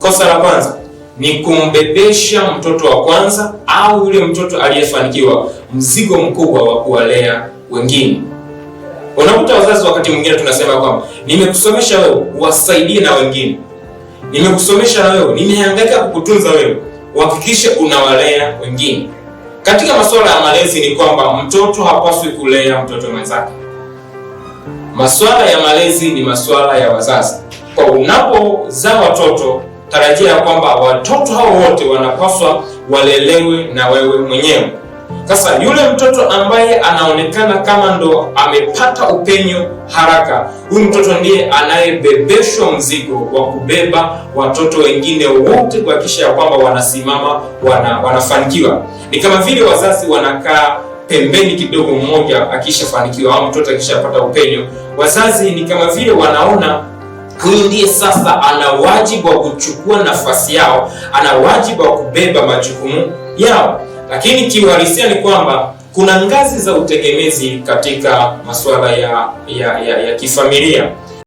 Kosa la kwanza ni kumbebesha mtoto wa kwanza au yule mtoto aliyefanikiwa mzigo mkubwa wa kuwalea wengine. Unakuta wazazi wakati mwingine tunasema kwamba nimekusomesha wewe, wasaidie na wengine. Nimekusomesha na wewe, nimehangaika kukutunza wewe, uhakikishe unawalea wengine. Katika masuala ya malezi ni kwamba mtoto hapaswi kulea mtoto mwenzake. Masuala ya malezi ni masuala ya wazazi. Kwa unapozaa watoto tarajia ya kwamba watoto hao wote wanapaswa walelewe na wewe mwenyewe. Sasa yule mtoto ambaye anaonekana kama ndo amepata upenyo haraka, huyu mtoto ndiye anayebebeshwa mzigo wa kubeba watoto wengine wote, kuhakikisha ya kwamba wanasimama, wana, wanafanikiwa. Ni kama vile wazazi wanakaa pembeni kidogo, mmoja akishafanikiwa au mtoto akishapata upenyo, wazazi ni kama vile wanaona Huyu ndiye sasa ana wajibu wa kuchukua nafasi yao, ana wajibu wa kubeba majukumu yao. Lakini kiuhalisia ni kwamba kuna ngazi za utegemezi katika masuala ya, ya, ya, ya kifamilia.